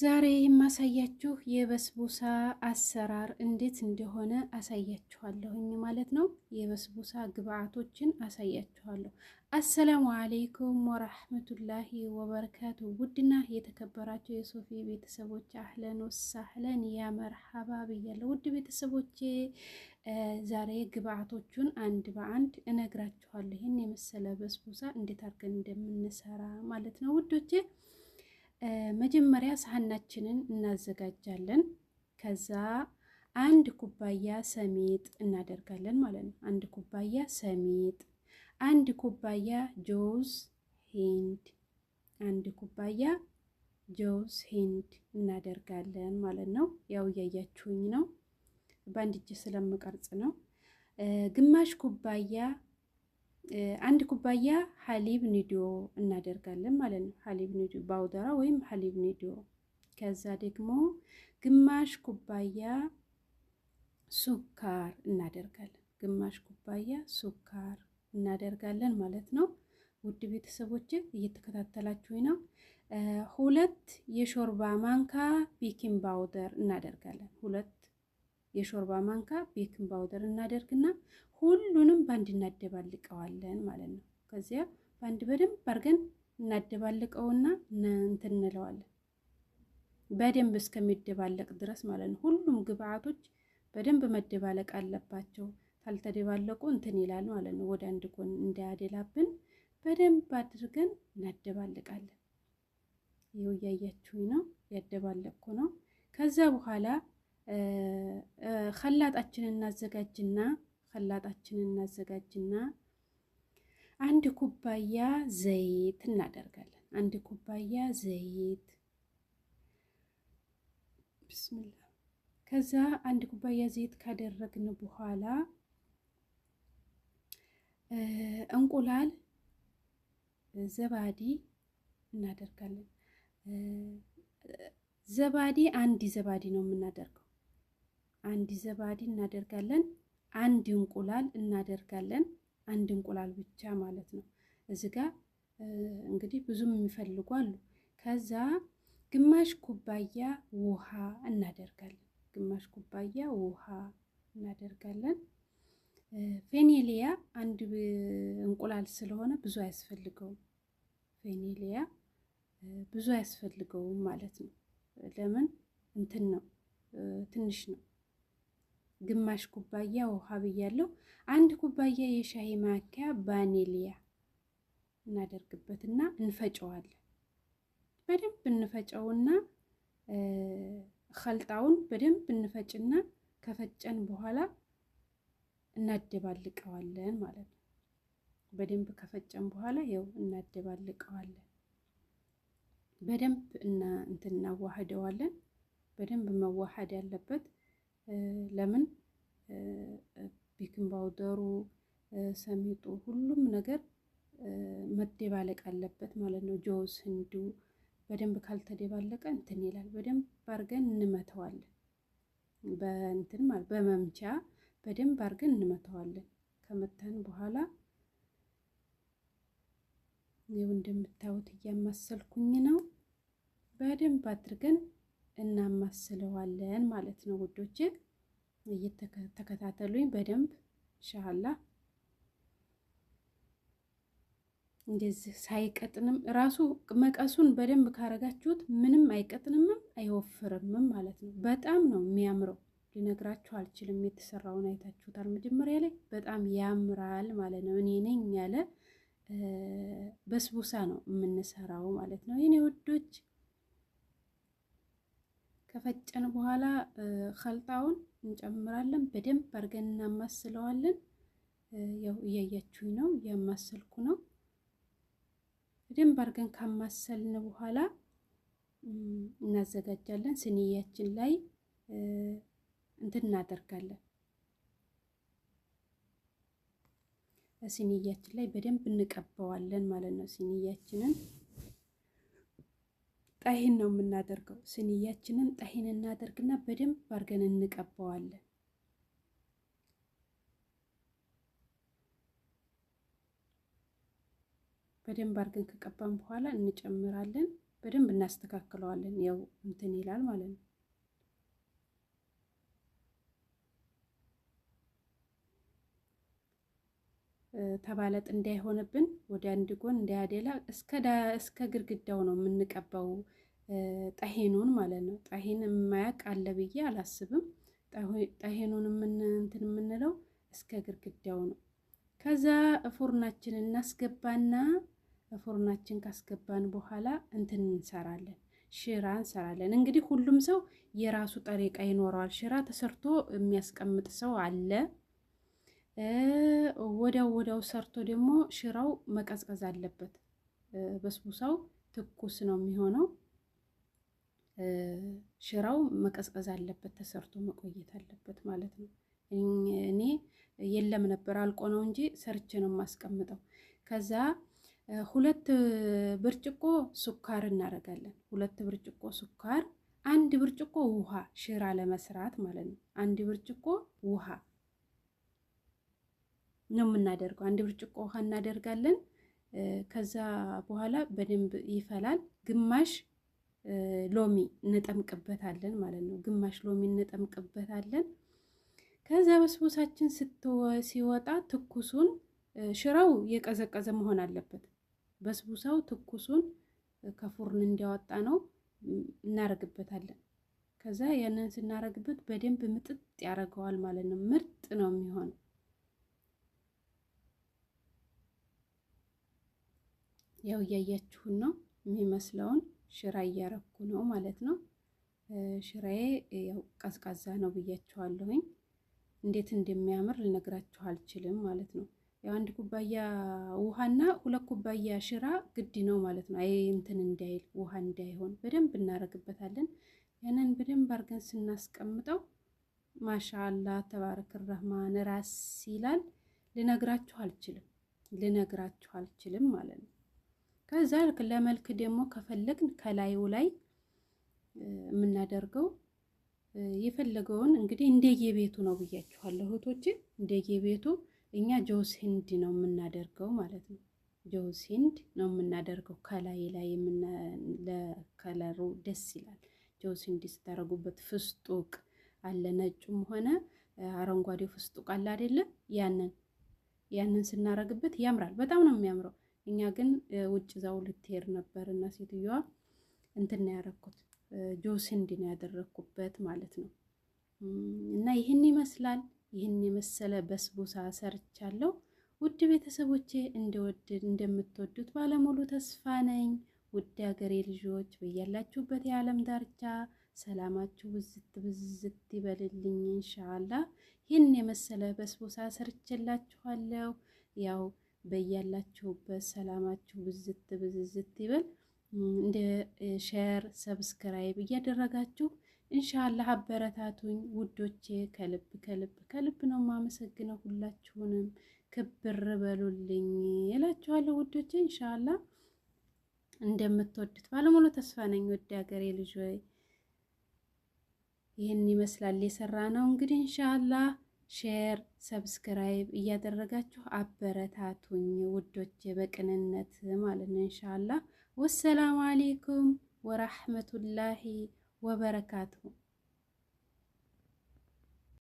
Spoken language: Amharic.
ዛሬ የማሳያችሁ የበስቡሳ አሰራር እንዴት እንደሆነ አሳያችኋለሁኝ ማለት ነው። የበስቡሳ ግብአቶችን አሳያችኋለሁ። አሰላሙ አሌይኩም ወራህመቱላሂ ወበረካቱ። ውድና የተከበራቸው የሶፊ ቤተሰቦች አህለን ወሳህለን ያ መርሐባ ብያለሁ። ውድ ቤተሰቦቼ ዛሬ ግብአቶቹን አንድ በአንድ እነግራችኋለሁ። ይህን የመሰለ በስቡሳ እንዴት አድርገን እንደምንሰራ ማለት ነው ውዶቼ መጀመሪያ ሳህናችንን እናዘጋጃለን። ከዛ አንድ ኩባያ ሰሚጥ እናደርጋለን ማለት ነው። አንድ ኩባያ ሰሚጥ፣ አንድ ኩባያ ጆዝ ሂንድ፣ አንድ ኩባያ ጆዝ ሂንድ እናደርጋለን ማለት ነው። ያው እያያችሁኝ ነው፣ በአንድ እጅ ስለምቀርጽ ነው። ግማሽ ኩባያ አንድ ኩባያ ሀሊብ ኒዲዮ እናደርጋለን ማለት ነው። ሀሊብ ኒዲዮ ባውደራ ወይም ሀሊብ ኒዲዮ። ከዛ ደግሞ ግማሽ ኩባያ ሱካር እናደርጋለን። ግማሽ ኩባያ ሱካር እናደርጋለን ማለት ነው። ውድ ቤተሰቦች እየተከታተላችሁኝ ነው። ሁለት የሾርባ ማንካ ቤኪንግ ባውደር እናደርጋለን። ሁለት የሾርባ ማንካ ቤኪንግ ፓውደር እናደርግና ሁሉንም በአንድ እናደባልቀዋለን ማለት ነው። ከዚያ በአንድ በደንብ አድርገን እናደባልቀውና እንትን እንለዋለን በደንብ እስከሚደባለቅ ድረስ ማለት ነው። ሁሉም ግብአቶች በደንብ መደባለቅ አለባቸው። ካልተደባለቁ እንትን ይላል ማለት ነው። ወደ አንድ ጎን እንዳያደላብን በደንብ አድርገን እናደባልቃለን። ይኸው እያያችሁ ነው፣ ያደባለቅኩ ነው። ከዛ በኋላ ከላጣችንን እናዘጋጅና ከላጣችንን እናዘጋጅና አንድ ኩባያ ዘይት እናደርጋለን። አንድ ኩባያ ዘይት ብስሚላ። ከዛ አንድ ኩባያ ዘይት ካደረግን በኋላ እንቁላል ዘባዲ እናደርጋለን። ዘባዲ አንድ ዘባዲ ነው የምናደርገው አንድ ዘባዲ እናደርጋለን። አንድ እንቁላል እናደርጋለን። አንድ እንቁላል ብቻ ማለት ነው። እዚ ጋ እንግዲህ ብዙም የሚፈልጉ አሉ። ከዛ ግማሽ ኩባያ ውሃ እናደርጋለን። ግማሽ ኩባያ ውሃ እናደርጋለን። ፌኔሊያ አንድ እንቁላል ስለሆነ ብዙ አያስፈልገውም። ፌኔሊያ ብዙ አያስፈልገውም ማለት ነው። ለምን እንትን ነው፣ ትንሽ ነው። ግማሽ ኩባያ ውሃ ብያለሁ። አንድ ኩባያ የሻይ ማኪያ ቫኒሊያ እናደርግበትና እንፈጨዋለን። በደንብ እንፈጨውና ከልጣውን በደንብ እንፈጭና ከፈጨን በኋላ እናደባልቀዋለን ማለት ነው። በደንብ ከፈጨን በኋላ ያው እናደባልቀዋለን። በደንብ እና እንትን እናዋህደዋለን። በደንብ መዋሃድ ያለበት ለምን ቢክን ባውደሩ ሰሚጡ ሁሉም ነገር መደባለቅ አለበት ማለት ነው። ጆስ ህንዱ በደንብ ካልተደባለቀ እንትን ይላል። በደንብ አድርገን እንመተዋለን። በእንትን ማለት በመምቻ በደንብ አድርገን እንመተዋለን። ከመታን በኋላ ይኸው እንደምታዩት እያማሰልኩኝ ነው። በደንብ አድርገን እናማስለዋለን ማለት ነው ውዶች። እየተከታተሉኝ በደንብ ሻላ እንደዚህ ሳይቀጥንም ራሱ መቀሱን በደንብ ካረጋችሁት ምንም አይቀጥንምም አይወፍርምም ማለት ነው። በጣም ነው የሚያምረው። ሊነግራችሁ አልችልም። የተሰራውን አይታችሁታል። መጀመሪያ ላይ በጣም ያምራል ማለት ነው። እኔ ነኝ ያለ በስቡሳ ነው የምንሰራው ማለት ነው የኔ ውዶች። ከፈጨን በኋላ ከልጣውን እንጨምራለን። በደንብ አድርገን እናማስለዋለን። ያው እያያችሁኝ ነው፣ እያማሰልኩ ነው። በደንብ አድርገን ካማሰልን በኋላ እናዘጋጃለን። ስንያችን ላይ እንትን እናደርጋለን። ስንያችን ላይ በደንብ እንቀበዋለን ማለት ነው ስንያችንን ጣሂን ነው የምናደርገው። ስንያችንን ጣሂን እናደርግና በደንብ አድርገን እንቀባዋለን። በደንብ አድርገን ከቀባን በኋላ እንጨምራለን። በደንብ እናስተካክለዋለን። ያው እንትን ይላል ማለት ነው። ተባለጥ እንዳይሆንብን ወደ አንድ ጎን እንዳያደላ እስከ ግድግዳው ነው የምንቀባው። ጠሄኑን ማለት ነው። ጠሄን የማያቅ አለ ብዬ አላስብም። ጠሄኑን እንትን የምንለው እስከ ግርግዳው ነው። ከዛ ፎርናችን እናስገባና ፎርናችን ካስገባን በኋላ እንትን እንሰራለን፣ ሽራ እንሰራለን። እንግዲህ ሁሉም ሰው የራሱ ጠሬቃ ይኖረዋል። ሽራ ተሰርቶ የሚያስቀምጥ ሰው አለ። ወዲያው ወዲያው ሰርቶ ደግሞ ሽራው መቀዝቀዝ አለበት። በስቡሳው ትኩስ ነው የሚሆነው። ሽራው መቀዝቀዝ አለበት፣ ተሰርቶ መቆየት አለበት ማለት ነው። እኔ የለም ነበር አልቆ ነው እንጂ ሰርቼ ነው የማስቀምጠው። ከዛ ሁለት ብርጭቆ ስኳር እናደርጋለን። ሁለት ብርጭቆ ስኳር፣ አንድ ብርጭቆ ውሃ፣ ሽራ ለመስራት ማለት ነው። አንድ ብርጭቆ ውሃ ነው የምናደርገው። አንድ ብርጭቆ ውሃ እናደርጋለን። ከዛ በኋላ በደንብ ይፈላል። ግማሽ ሎሚ እንጠምቅበታለን ማለት ነው። ግማሽ ሎሚ እንጠምቅበታለን። ከዛ በስቡሳችን ሲወጣ ትኩሱን ሽራው የቀዘቀዘ መሆን አለበት። በስቡሳው ትኩሱን ከፉርን እንዲያወጣ ነው እናረግበታለን። ከዛ ያንን ስናረግበት በደንብ ምጥጥ ያደርገዋል ማለት ነው። ምርጥ ነው የሚሆነው። ያው እያያችሁን ነው የሚመስለውን ሽራ እያረኩ ነው ማለት ነው። ሽራዬ ያው ቀዝቃዛ ነው ብያችኋለሁኝ። እንዴት እንደሚያምር ልነግራችሁ አልችልም ማለት ነው። ያው አንድ ኩባያ ውሃና ሁለት ኩባያ ሽራ ግድ ነው ማለት ነው። አይ እንትን እንዳይል ውሃ እንዳይሆን በደንብ እናደርግበታለን። ያንን በደንብ አድርገን ስናስቀምጠው ማሻላ ተባረክ ረህማን ራስ ይላል። ልነግራችሁ አልችልም ልነግራችሁ አልችልም ማለት ነው። ከዛ ለመልክ ደግሞ ከፈለግን ከላዩ ላይ የምናደርገው የፈለገውን እንግዲህ እንደየቤቱ ነው ብያችኋለሁ እህቶቼ፣ እንደየቤቱ እኛ ጆስ ሂንድ ነው የምናደርገው ማለት ነው። ጆስ ሂንድ ነው የምናደርገው ከላይ ላይ ለከለሩ ደስ ይላል። ጆስ ሂንድ ስታደርጉበት ፍስጡቅ አለ፣ ነጩም ሆነ አረንጓዴው ፍስጡቅ አለ አይደለ? ያንን ያንን ስናረግበት ያምራል። በጣም ነው የሚያምረው። እኛ ግን ውጭ ዛው ልትሄድ ነበር እና ሴትዮዋ እንትን ነው ጆስ እንዲ ያደረኩበት ማለት ነው። እና ይህን ይመስላል። ይህን የመሰለ በስቡሳ ሰርቻለሁ። ውድ ቤተሰቦቼ እንደወድ እንደምትወዱት ባለሙሉ ተስፋ ነኝ። ውድ ሀገሬ ልጆች በያላችሁበት የዓለም ዳርቻ ሰላማችሁ ብዝት ብዝት ይበልልኝ። እንሻላ ይህን የመሰለ በስቡሳ ሰርችላችኋለሁ ያው በያላችሁበት ሰላማችሁ ብዝት ብዝዝት ይበል። እንደ ሼር ሰብስክራይብ እያደረጋችሁ ኢንሻአላህ አበረታቱኝ ውዶቼ። ከልብ ከልብ ከልብ ነው የማመሰግነው ሁላችሁንም ክብር በሉልኝ እላችኋለሁ ውዶቼ። እንሻላ እንደምትወዱት ባለሙሉ ተስፋ ነኝ። ወደ ሀገሬ ልጅ ይህን ይመስላል የሰራ ነው እንግዲህ ኢንሻአላህ ሼር፣ ሰብስክራይብ እያደረጋችሁ አበረታቱኝ ውዶቼ፣ በቅንነት ማለት ነው። ኢንሻአላህ ወሰላሙ አሌይኩም ወራህመቱላሂ ወበረካቱሁ።